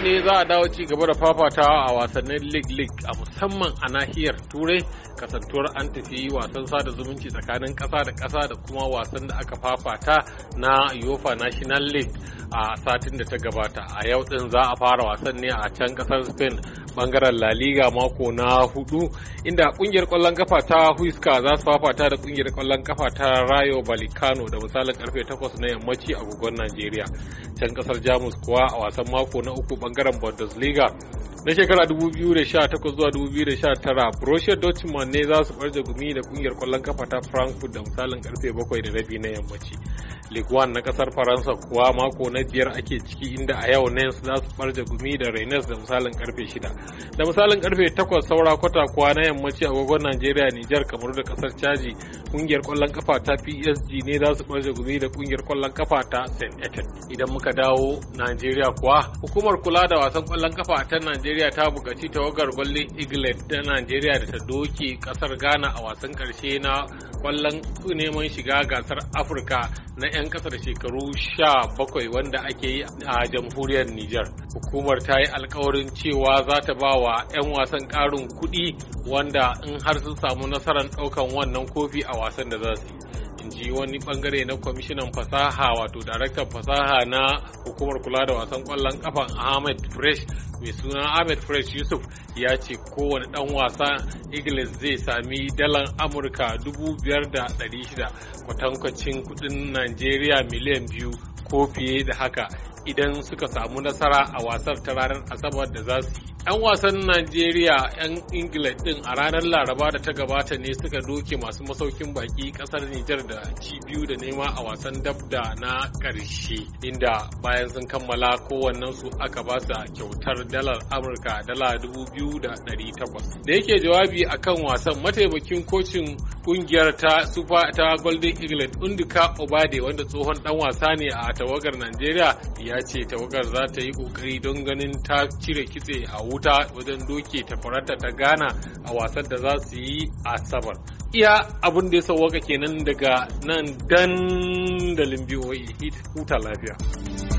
ne za a dawo ci gaba da fafatawa a wasannin league league a musamman a nahiyar turai kasantuwar an tafi wasan sada zumunci tsakanin kasa da kasa da kuma wasan da aka fafata na uefa national league a satin da ta gabata a yau din za a fara wasan ne a can kasar spain bangaren La Liga mako na hudu inda kungiyar kwallon kafa ta Huiska za su fafata da kungiyar kwallon kafa ta Rayo Balikano da misalin karfe 8 na yammaci a gugun Najeriya. Can kasar Jamus kuwa a wasan mako na uku bangaren Bundesliga na shekara 2018 zuwa 2019 Borussia Dortmund ne za su barje gumi da kungiyar kwallon kafa ta Frankfurt da misalin karfe 7 da rabi na yammaci. Ligue 1 na kasar Faransa kuwa mako na biyar ake ciki inda a yau Nens za su barje gumi da Rennes da misalin karfe 6. Da misalin karfe 8 saura kwata kuwa na yammaci a agogon Najeriya niger kamar da kasar Caji kungiyar kwallon kafa ta PSG ne za su ɓarje gumi da kungiyar kwallon kafa ta St. Etienne. Idan muka dawo Najeriya kuwa hukumar kula da wasan kwallon kafa ta Najeriya ta bukaci tawagar gwallon England ta Najeriya da ta doke ƙasar Ghana a wasan ƙarshe na kwallon neman shiga gasar Afirka na 'yan kasar shekaru sha bakwai wanda ake yi a jamhuriyar Nijar. Hukumar ta yi alkawarin cewa za ta ba wa 'yan wasan ƙarin kuɗi wanda in har sun samu nasarar ɗaukan wannan kofi a wasan da za su yi. wani bangare na kwamishinan fasaha wato daraktan fasaha na hukumar kula da wasan kwallon kafa ahmed fresh mai suna ahmed fresh yusuf ya ce kowane ɗan wasa ingilis zai sami dalar Amurka 5,600 kwatankwacin kudin nigeria miliyan biyu ko fiye da haka idan suka samu nasara a wasar ta ranar Asabar da za su 'yan wasan Najeriya 'yan Ingila ɗin, a ranar Laraba da ta gabata ne suka doke masu masaukin baki ƙasar Nijar da ci biyu da nema a wasan dabda na ƙarshe inda bayan sun kammala kowannen su aka ba su kyautar dalar Amurka dala dubu biyu da ɗari takwas. Da yake jawabi a kan wasan mataimakin kocin ƙungiyar ta Super ta Golden Eaglet Undika Obade wanda tsohon ɗan wasa ne a tawagar Najeriya ya ce tawagar za ta yi ƙoƙari don ganin ta cire kitse a wuta wajen doke faranta ta gana a wasan da za su yi Asabar. Iya abin da ya sauwaka kenan daga nan dandalin BOA huta lafiya.